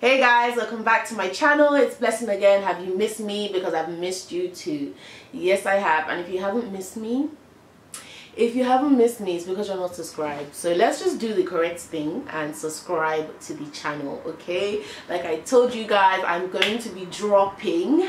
hey guys welcome back to my channel it's blessing again have you missed me because i've missed you too yes i have and if you haven't missed me if you haven't missed me, it's because you're not subscribed. So let's just do the correct thing and subscribe to the channel, okay? Like I told you guys, I'm going to be dropping,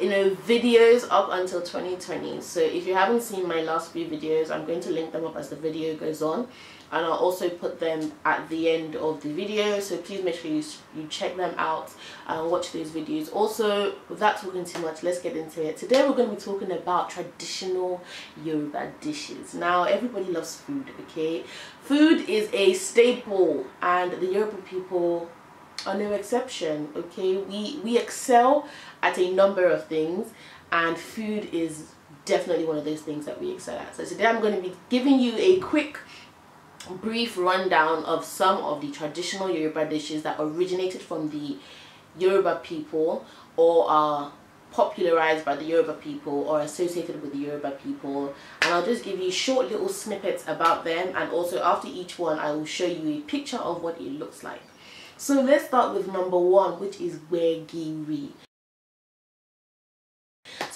you know, videos up until 2020. So if you haven't seen my last few videos, I'm going to link them up as the video goes on. And I'll also put them at the end of the video. So please make sure you, you check them out and watch those videos. Also, without talking too much, let's get into it. Today we're going to be talking about traditional Yoruba dishes. Now, now everybody loves food okay food is a staple and the Yoruba people are no exception okay we we excel at a number of things and food is definitely one of those things that we excel at so today I'm going to be giving you a quick brief rundown of some of the traditional Yoruba dishes that originated from the Yoruba people or are uh, popularized by the Yoruba people or associated with the Yoruba people and I'll just give you short little snippets about them and also after each one I will show you a picture of what it looks like. So let's start with number one which is Wegiri.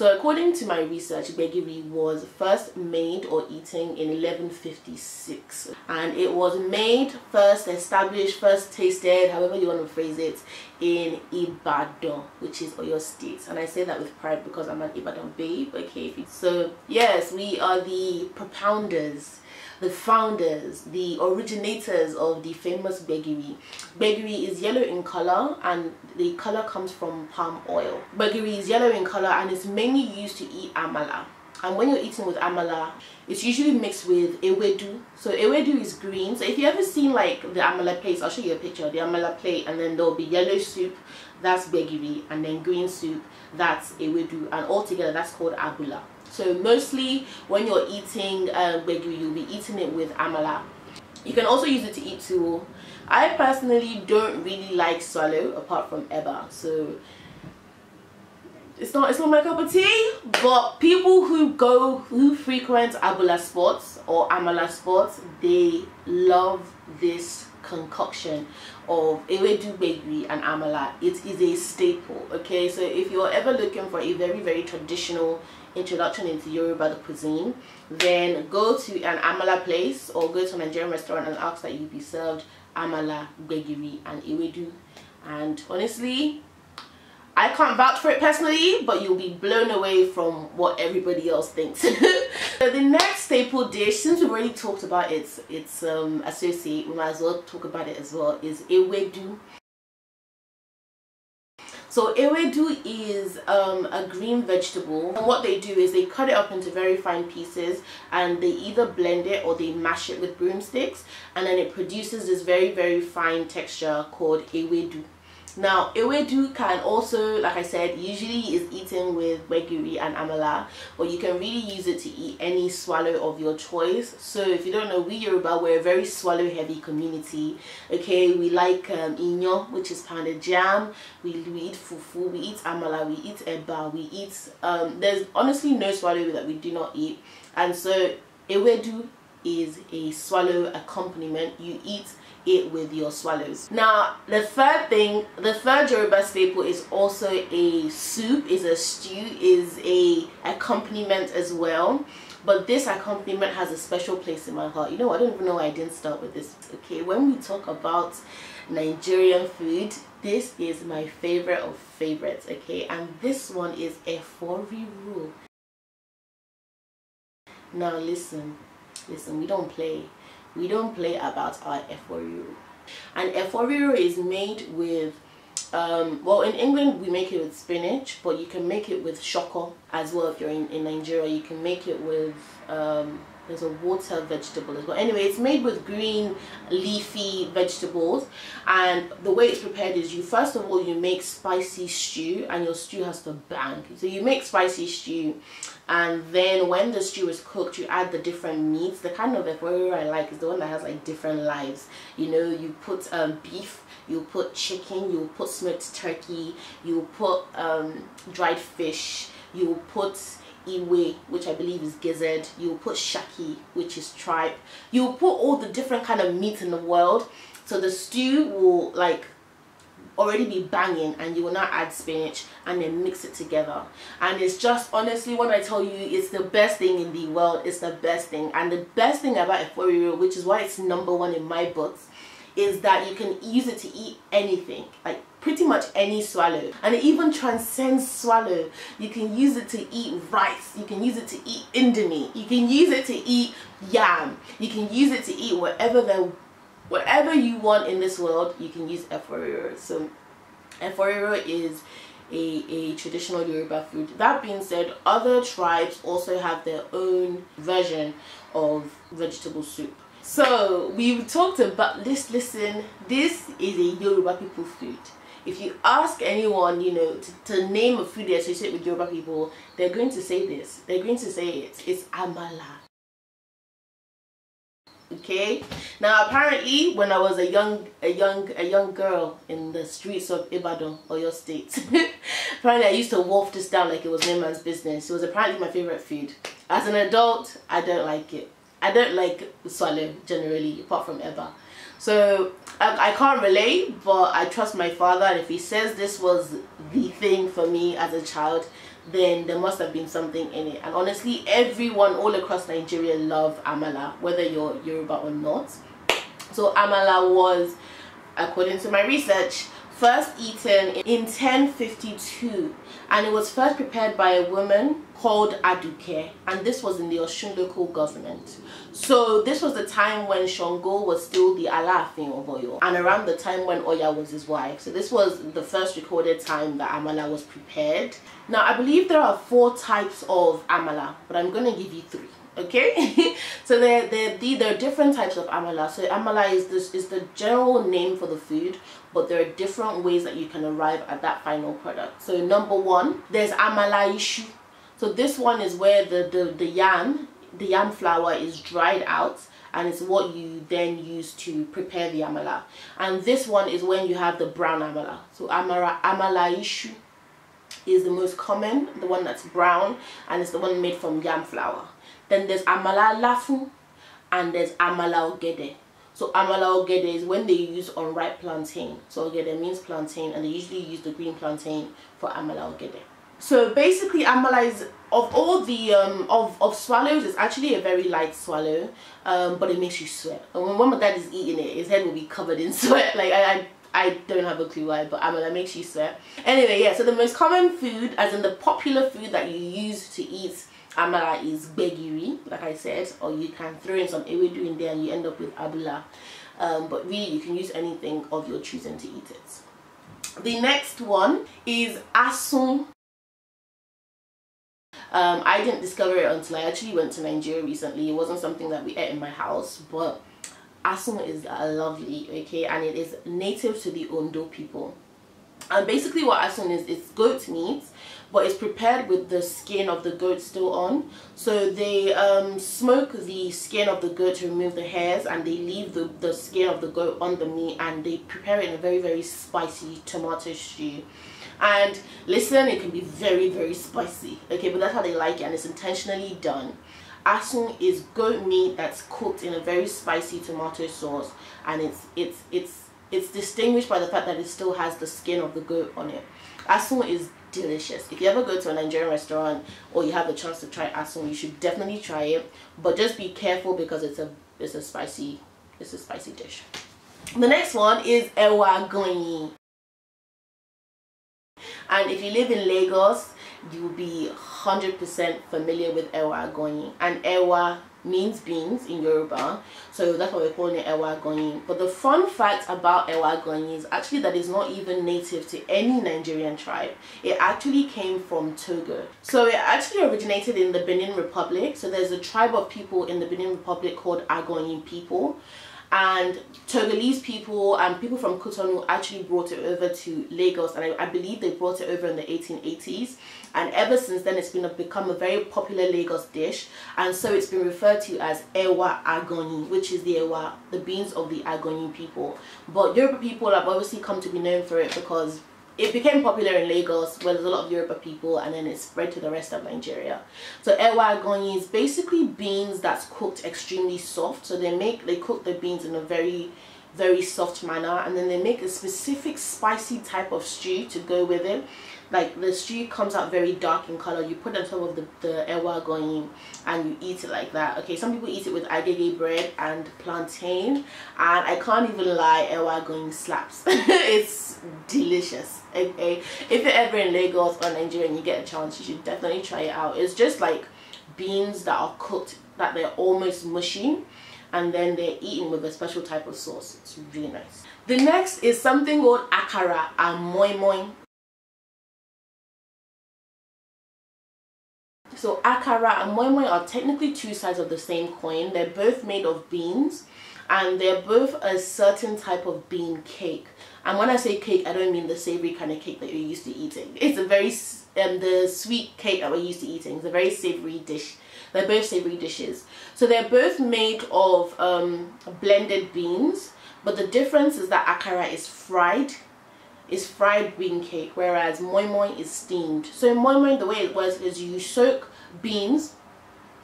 So according to my research, begiri was first made or eaten in 1156 and it was made, first established, first tasted, however you want to phrase it, in Ibadan, which is Oyo State. And I say that with pride because I'm an Ibadan babe, okay? So yes, we are the propounders the founders, the originators of the famous Begiri. Begiri is yellow in color and the color comes from palm oil. Begiri is yellow in color and it's mainly used to eat amala. And when you're eating with amala, it's usually mixed with ewedu. So ewedu is green. So if you ever seen like the amala plate, I'll show you a picture of the amala plate and then there'll be yellow soup, that's begiri, and then green soup, that's ewedu. And all together that's called abula. So mostly when you're eating uh, um, wagyu, you'll be eating it with amala. You can also use it to eat tuwo. I personally don't really like swallow apart from eba. So it's not it's not my cup of tea but people who go who frequent abula spots or amala spots they love this concoction of ewedu bakery and amala it is a staple okay so if you're ever looking for a very very traditional introduction into Yoruba cuisine, then go to an amala place or go to a Nigerian restaurant and ask that you be served amala, gbegiri and iwedu. And honestly, I can't vouch for it personally, but you'll be blown away from what everybody else thinks. so the next staple dish, since we've already talked about its its um, associate, we might as well talk about it as well, is ewedu. So ewedu is um, a green vegetable and what they do is they cut it up into very fine pieces and they either blend it or they mash it with broomsticks and then it produces this very very fine texture called ewedu now ewedu can also like i said usually is eaten with wegiri and amala but you can really use it to eat any swallow of your choice so if you don't know we yoruba we're a very swallow heavy community okay we like um inyo which is pounded jam we, we eat fufu we eat amala we eat eba we eat um there's honestly no swallow that we do not eat and so ewedu is a swallow accompaniment you eat it with your swallows now the third thing the third yoruba staple is also a soup is a stew is a accompaniment as well but this accompaniment has a special place in my heart you know i don't even know why i didn't start with this okay when we talk about nigerian food this is my favorite of favorites okay and this one is V rule now listen listen we don't play we don't play about our eforiro. And eforiro is made with, um, well in England we make it with spinach, but you can make it with shoko as well if you're in, in Nigeria. You can make it with um, there's a water vegetable as well anyway it's made with green leafy vegetables and the way it's prepared is you first of all you make spicy stew and your stew has to bang so you make spicy stew and then when the stew is cooked you add the different meats the kind of ephemera i like is the one that has like different lives you know you put um, beef you put chicken you put smoked turkey you put um, dried fish you put Iwe, which I believe is gizzard. You'll put shaki, which is tripe. You'll put all the different kind of meat in the world. So the stew will like already be banging and you will not add spinach and then mix it together and it's just honestly when I tell you it's the best thing in the world it's the best thing and the best thing about a four which is why it's number one in my books is that you can use it to eat anything, like pretty much any swallow. And it even transcends swallow. You can use it to eat rice, you can use it to eat indomie, you can use it to eat yam, you can use it to eat whatever the whatever you want in this world, you can use eforero. So eforero is a, a, traditional Yoruba food. That being said, other tribes also have their own version of vegetable soup. So we talked about this. Listen, this is a Yoruba people food. If you ask anyone, you know, to, to name a food they associate with Yoruba people, they're going to say this. They're going to say it. It's amala. Okay. Now, apparently, when I was a young, a young, a young girl in the streets of Ibadan, or your state, apparently I used to wolf this down like it was no man's business. It was apparently my favorite food. As an adult, I don't like it I don't like Swallow generally, apart from Eva. So I, um, I, can't relate, but I trust my father. And if he says this was the thing for me as a child, then there must have been something in it. And honestly, everyone all across Nigeria love Amala, whether you're Yoruba or not. So Amala was, according to my research, first eaten in 1052 and it was first prepared by a woman called Aduke and this was in the Oshun local government. So this was the time when Shongo was still the Alaafin of Oyo and around the time when Oya was his wife. So this was the first recorded time that Amala was prepared. Now I believe there are four types of Amala but I'm going to give you three okay so they're, they're, they're different types of amala so amala is this is the general name for the food but there are different ways that you can arrive at that final product so number one there's amala ishu so this one is where the the, the yam the yam flour is dried out and it's what you then use to prepare the amala and this one is when you have the brown amala so amara amala ishu is the most common the one that's brown and it's the one made from yam flour then there's amala lafu and there's amala ogede so amala ogede is when they use unripe plantain so ogede means plantain and they usually use the green plantain for amala ogede so basically amala is of all the um, of of swallows it's actually a very light swallow um, but it makes you sweat and when my dad is eating it his head will be covered in sweat like I, I I don't have a clue why, but I'm gonna make you swear. Anyway, yeah, so the most common food, as in the popular food that you use to eat amala is begiri, like I said, or you can throw in some ewedu in there and you end up with abula. Um, but really, you can use anything of your choosing to eat it. The next one is asun. Um, I didn't discover it until I actually went to Nigeria recently. It wasn't something that we ate in my house, but Asun is lovely, okay, and it is native to the Ondo people. And basically what Asun is, it's goat meat, but it's prepared with the skin of the goat still on. So they um, smoke the skin of the goat to remove the hairs and they leave the, the skin of the goat on the meat and they prepare it in a very, very spicy tomato stew. And listen, it can be very, very spicy, okay, but that's how they like it and it's intentionally done asun is goat meat that's cooked in a very spicy tomato sauce and it's it's it's it's distinguished by the fact that it still has the skin of the goat on it asun is delicious if you ever go to a nigerian restaurant or you have the chance to try asun you should definitely try it but just be careful because it's a it's a spicy it's a spicy dish the next one is ewa goyin and if you live in lagos you will be 100% familiar with ewa agoyin and ewa means beans in Yoruba so that's why we're calling it ewa agoyin but the fun fact about ewa agoyin is actually that it's not even native to any Nigerian tribe it actually came from Togo so it actually originated in the Benin Republic so there's a tribe of people in the Benin Republic called Agoyin people and Togolese people and people from Cotonou actually brought it over to Lagos and I, I, believe they brought it over in the 1880s and ever since then it's been a, become a very popular Lagos dish and so it's been referred to as Ewa Agoni which is the Ewa, the beans of the Agoni people but Yoruba people have obviously come to be known for it because it became popular in Lagos where there's a lot of Yoruba people and then it spread to the rest of Nigeria. So ewa agonyi is basically beans that's cooked extremely soft. So they make, they cook the beans in a very very soft manner and then they make a specific spicy type of stew to go with it like the stew comes out very dark in color you put on top of the, the ewa going and you eat it like that okay some people eat it with agege bread and plantain and i can't even lie ewa going slaps it's delicious okay eh, if you're ever in lagos or nigeria and you get a chance you should definitely try it out it's just like beans that are cooked that they're almost mushy and then they're eaten with a special type of sauce. It's really nice. The next is something called akara and moi moi. So akara and moi moi are technically two sides of the same coin. They're both made of beans and they're both a certain type of bean cake. And when I say cake, I don't mean the savory kind of cake that you're used to eating. It's a very, um, the sweet cake that we're used to eating. It's a very savory dish. They're both savory dishes. So they're both made of um, blended beans. But the difference is that akara is fried. Is fried bean cake, whereas moi moi is steamed. So moi moi, the way it works is you soak beans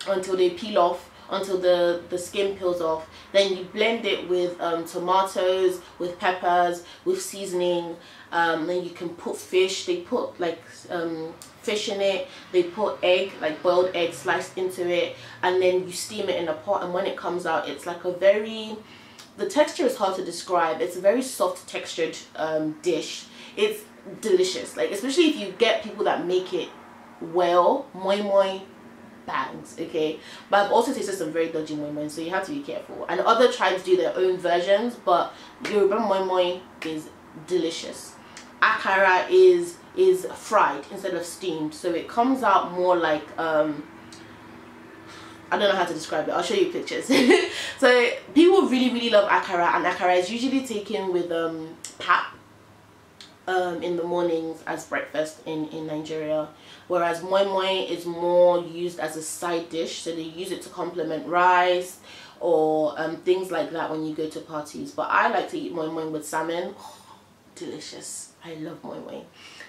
until they peel off until the, the skin peels off. Then you blend it with um, tomatoes, with peppers, with seasoning. Um, then you can put fish. They put like um, fish in it. They put egg, like boiled egg sliced into it. And then you steam it in a pot. And when it comes out, it's like a very... The texture is hard to describe. It's a very soft textured um, dish. It's delicious. Like, especially if you get people that make it well, moi moi bangs okay but i've also tasted some very dodgy moi moi so you have to be careful and other tribes do their own versions but yoruba moi moi is delicious akara is is fried instead of steamed so it comes out more like um I don't know how to describe it. I'll show you pictures. so people really, really love akara, and akara is usually taken with um pap um, in the mornings as breakfast in in Nigeria whereas moi moi is more used as a side dish so they use it to complement rice or um, things like that when you go to parties but I like to eat moi moi with salmon delicious I love moi moi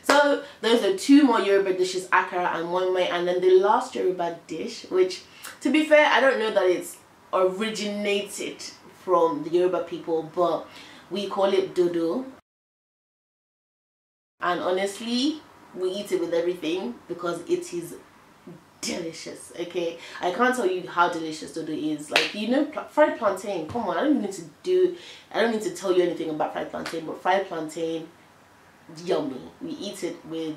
so those are two more Yoruba dishes akara and moi moi and then the last Yoruba dish which to be fair I don't know that it's originated from the Yoruba people but we call it dodo and honestly we eat it with everything because it is delicious okay i can't tell you how delicious dodo is like you know pl fried plantain come on i don't need to do i don't need to tell you anything about fried plantain but fried plantain yummy we eat it with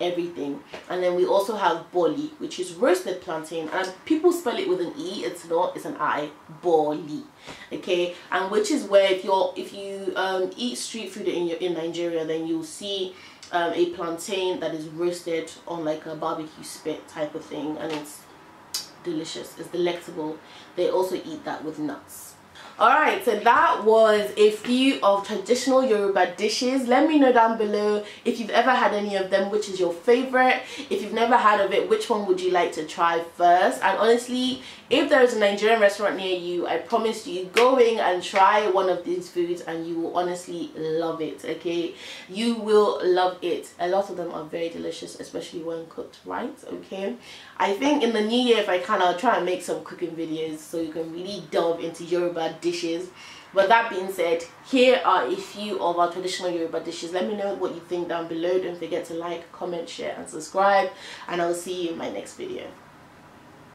everything. And then we also have boli, which is roasted plantain. And people spell it with an E, it's not, it's an I, boli. Okay, and which is where if you're if you um, eat street food in your in Nigeria, then you'll see um, a plantain that is roasted on like a barbecue spit type of thing, and it's delicious. It's delectable. They also eat that with nuts. Alright, so that was a few of traditional Yoruba dishes. Let me know down below if you've ever had any of them, which is your favorite. If you've never had of it, which one would you like to try first? And honestly, if there is a Nigerian restaurant near you, I promise you, go in and try one of these foods and you will honestly love it, okay? You will love it. A lot of them are very delicious, especially when cooked right, okay? I think in the new year, if I can, I'll try and make some cooking videos so you can really delve into Yoruba dishes but that being said here are a few of our traditional Yoruba dishes let me know what you think down below don't forget to like comment share and subscribe and I'll see you in my next video